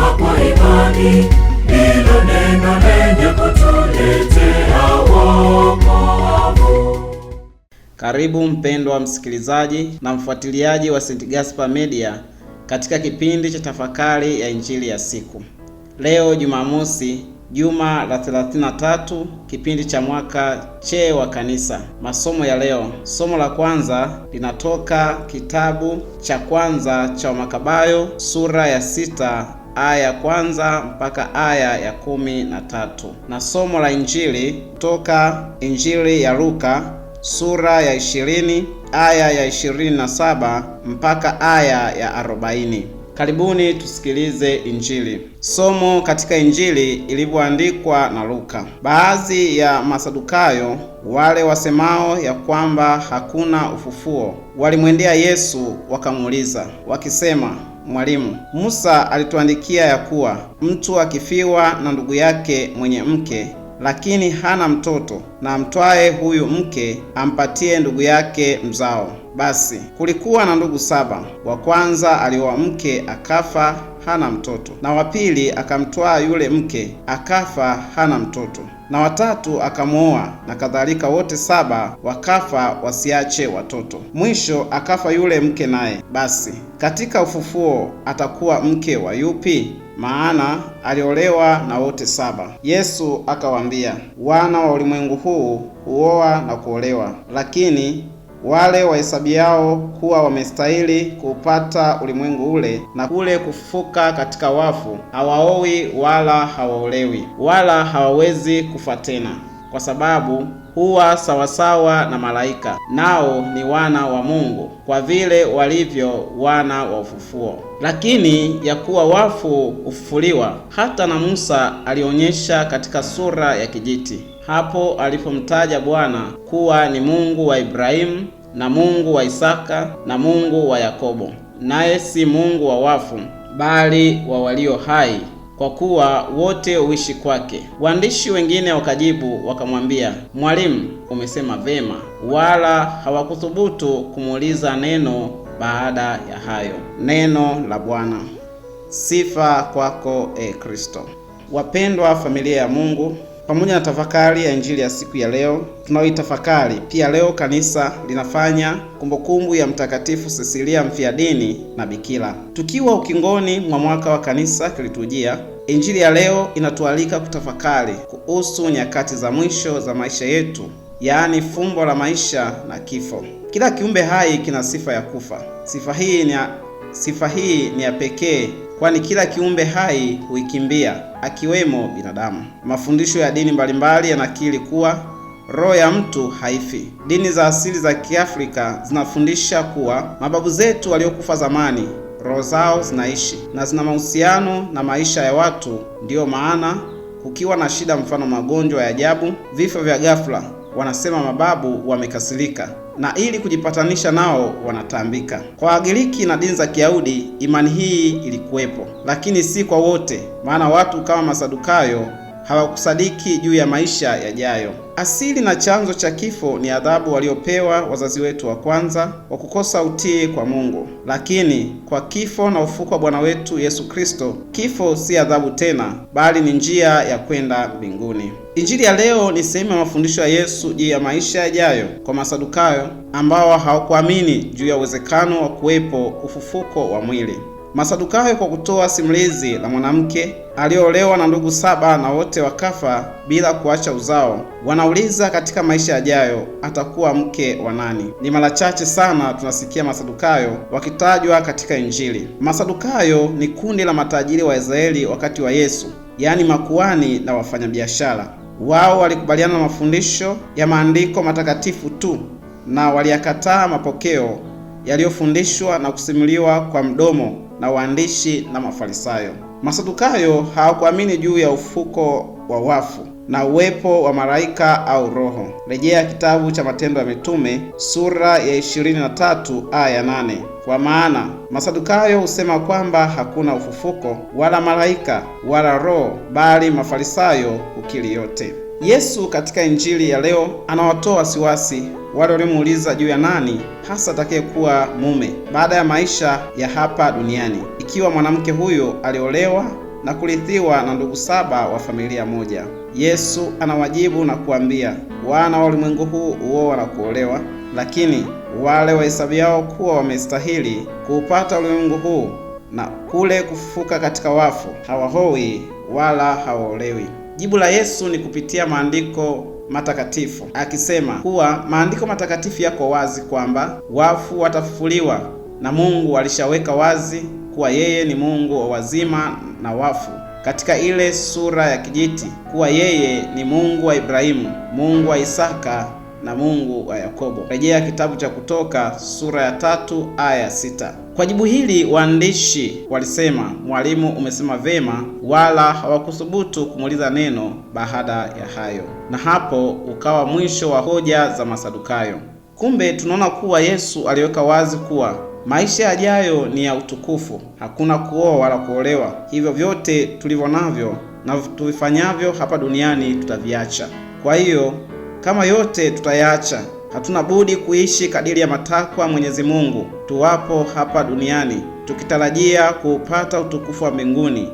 hapo ibadi, ndilo neno lenye kutuletea wokovu. Karibu mpendwa msikilizaji na mfuatiliaji wa St. Gaspar Media katika kipindi cha tafakari ya injili ya siku leo Jumamosi, juma la 33 kipindi cha mwaka che wa kanisa. Masomo ya leo, somo la kwanza linatoka kitabu cha kwanza cha makabayo sura ya sita aya ya kwanza mpaka aya ya kumi na tatu na somo la Injili kutoka Injili ya Luka sura ya ishirini aya ya ishirini na saba mpaka aya ya arobaini. Karibuni tusikilize Injili. Somo katika Injili ilivyoandikwa na Luka. Baadhi ya Masadukayo, wale wasemao ya kwamba hakuna ufufuo, walimwendea Yesu wakamuuliza wakisema Mwalimu, Musa alituandikia ya kuwa mtu akifiwa na ndugu yake mwenye mke lakini hana mtoto, na amtwaye huyu mke ampatie ndugu yake mzao. Basi kulikuwa na ndugu saba. Wa kwanza alioa mke akafa hana mtoto, na wa pili akamtwaa yule mke akafa hana mtoto, na watatu akamwoa na kadhalika. Wote saba wakafa wasiache watoto. Mwisho akafa yule mke naye. Basi katika ufufuo atakuwa mke wa yupi? Maana aliolewa na wote saba. Yesu akawaambia, wana wa ulimwengu huu huoa na kuolewa, lakini wale wahesabiao kuwa wamestahili kuupata ulimwengu ule na kule kufufuka katika wafu, hawaowi wala hawaolewi wala hawawezi kufa tena, kwa sababu huwa sawasawa na malaika, nao ni wana wa Mungu kwa vile walivyo wana wa ufufuo. Lakini ya kuwa wafu hufufuliwa, hata na Musa alionyesha katika sura ya kijiti hapo alipomtaja Bwana kuwa ni Mungu wa Ibrahimu na Mungu wa Isaka na Mungu wa Yakobo, naye si Mungu wa wafu bali wa walio hai, kwa kuwa wote huishi kwake. Waandishi wengine wakajibu wakamwambia, Mwalimu, umesema vema, wala hawakuthubutu kumuuliza neno baada ya hayo. Neno la Bwana. Sifa kwako, e Kristo. Wapendwa familia ya Mungu, pamoja na tafakari ya injili ya siku ya leo, tunaoitafakari pia leo kanisa linafanya kumbukumbu ya Mtakatifu Sisilia mfiadini na bikira. Tukiwa ukingoni mwa mwaka wa kanisa kilitujia injili ya leo inatualika kutafakari kuhusu nyakati za mwisho za maisha yetu, yaani fumbo la maisha na kifo. Kila kiumbe hai kina sifa ya kufa. Sifa hii ni ya, sifa hii ni ya pekee kwani kila kiumbe hai huikimbia akiwemo binadamu. Mafundisho ya dini mbalimbali yanakiri kuwa roho ya mtu haifi. Dini za asili za Kiafrika zinafundisha kuwa mababu zetu waliokufa zamani roho zao zinaishi na zina mahusiano na maisha ya watu. Ndiyo maana kukiwa na shida, mfano magonjwa ya ajabu, vifo vya ghafla, wanasema mababu wamekasirika na ili kujipatanisha nao wanatambika. Kwa Wagiriki na dini za Kiyahudi imani hii ilikuwepo, lakini si kwa wote, maana watu kama Masadukayo hawakusadiki juu ya maisha yajayo. Asili na chanzo cha kifo ni adhabu waliopewa wazazi wetu wa kwanza kwa kukosa utii kwa Mungu. Lakini kwa kifo na ufuko wa Bwana wetu Yesu Kristo, kifo si adhabu tena, bali ni njia ya kwenda mbinguni. Injili ya leo ni sehemu ya mafundisho ya Yesu juu ya maisha yajayo kwa Masadukayo ambao hawakuamini juu ya uwezekano wa kuwepo ufufuko wa mwili. Masadukayo kwa kutoa simulizi la mwanamke aliyoolewa na ndugu saba na wote wakafa bila kuacha uzao, wanauliza katika maisha yajayo atakuwa mke wa nani? Ni mara chache sana tunasikia Masadukayo wakitajwa katika Injili. Masadukayo ni kundi la matajiri wa Israeli wakati wa Yesu, yaani makuani na wafanyabiashara. Wao walikubaliana na mafundisho ya maandiko matakatifu tu na waliyakataa mapokeo yaliyofundishwa na kusimuliwa kwa mdomo na waandishi na Mafarisayo. Masadukayo hawakuamini juu ya ufuko wa wafu na uwepo wa malaika au roho. Rejea kitabu cha Matendo ya Mitume sura ya 23 aya ya 8. Kwa maana Masadukayo husema kwamba hakuna ufufuko wala malaika wala roho, bali Mafarisayo ukili yote. Yesu katika injili ya leo anawatoa wasiwasi wale waliomuuliza juu ya nani hasa atakayekuwa mume baada ya maisha ya hapa duniani, ikiwa mwanamke huyo aliolewa na kurithiwa na ndugu saba wa familia moja. Yesu anawajibu na kuambia, wana wa ulimwengu huu huoa na kuolewa, lakini wale wahesabiao kuwa wamestahili kuupata ulimwengu huu na kule kufufuka katika wafu hawaoi wala hawaolewi. Jibu la Yesu ni kupitia maandiko matakatifu akisema kuwa maandiko matakatifu yako wazi kwamba wafu watafufuliwa na Mungu alishaweka wazi kuwa yeye ni Mungu wa wazima na wafu katika ile sura ya kijiti kuwa yeye ni Mungu wa Ibrahimu, Mungu wa Isaka na Mungu wa Yakobo. Rejea kitabu cha Kutoka sura ya tatu aya sita. Kwa jibu hili waandishi walisema, Mwalimu, umesema vema, wala hawakuthubutu kumuuliza neno baada ya hayo, na hapo ukawa mwisho wa hoja za Masadukayo. Kumbe tunaona kuwa Yesu aliweka wazi kuwa maisha yajayo ni ya utukufu, hakuna kuoa wala kuolewa. Hivyo vyote tulivyo navyo na tuvifanyavyo hapa duniani tutaviacha. Kwa hiyo kama yote tutayaacha, hatuna budi kuishi kadiri ya matakwa Mwenyezi Mungu tuwapo hapa duniani, tukitarajia kuupata utukufu wa mbinguni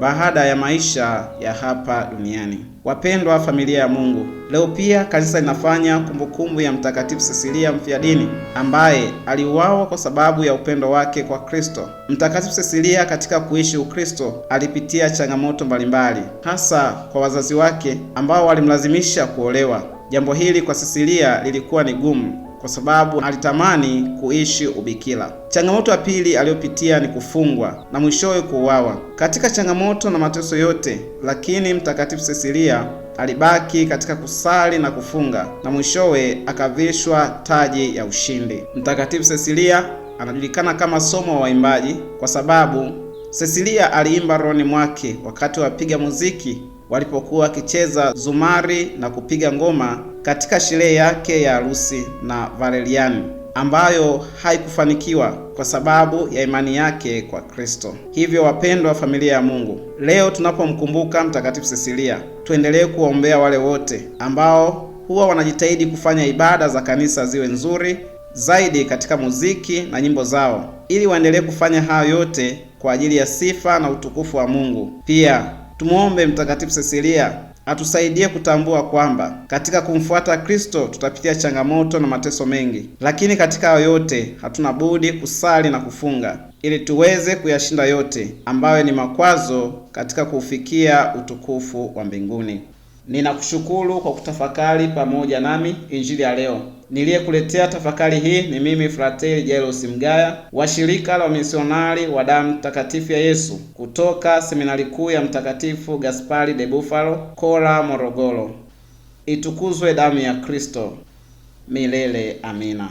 baada ya maisha ya hapa duniani. Wapendwa familia ya Mungu, leo pia kanisa linafanya kumbukumbu ya Mtakatifu Sesilia mfiadini ambaye aliuawa kwa sababu ya upendo wake kwa Kristo. Mtakatifu Sesilia katika kuishi Ukristo alipitia changamoto mbalimbali, hasa kwa wazazi wake ambao walimlazimisha kuolewa. Jambo hili kwa Sisilia lilikuwa ni gumu kwa sababu alitamani kuishi ubikira. Changamoto ya pili aliyopitia ni kufungwa na mwishowe kuuawa. Katika changamoto na mateso yote, lakini Mtakatifu Sisilia alibaki katika kusali na kufunga na mwishowe akavishwa taji ya ushindi. Mtakatifu Sisilia anajulikana kama somo wa waimbaji kwa sababu Sisilia aliimba rohoni mwake wakati wa piga muziki walipokuwa wakicheza zumari na kupiga ngoma katika sherehe yake ya harusi na Valerian ambayo haikufanikiwa kwa sababu ya imani yake kwa Kristo. Hivyo wapendwa, familia ya Mungu, leo tunapomkumbuka Mtakatifu Sesilia, tuendelee kuwaombea wale wote ambao huwa wanajitahidi kufanya ibada za kanisa ziwe nzuri zaidi katika muziki na nyimbo zao, ili waendelee kufanya hayo yote kwa ajili ya sifa na utukufu wa Mungu. Pia Tumwombe Mtakatifu Cecilia atusaidie kutambua kwamba katika kumfuata Kristo tutapitia changamoto na mateso mengi, lakini katika hayo yote hatuna budi kusali na kufunga ili tuweze kuyashinda yote ambayo ni makwazo katika kuufikia utukufu wa mbinguni. Ninakushukuru kwa kutafakari pamoja nami injili ya leo. Niliyekuletea tafakari hii ni mimi Frateri Jairus Mgaya wa shirika la wamisionari wa damu takatifu ya Yesu kutoka seminari kuu ya Mtakatifu Gaspari de Bufalo, Kola, Morogoro. Itukuzwe damu ya Kristo! Milele amina.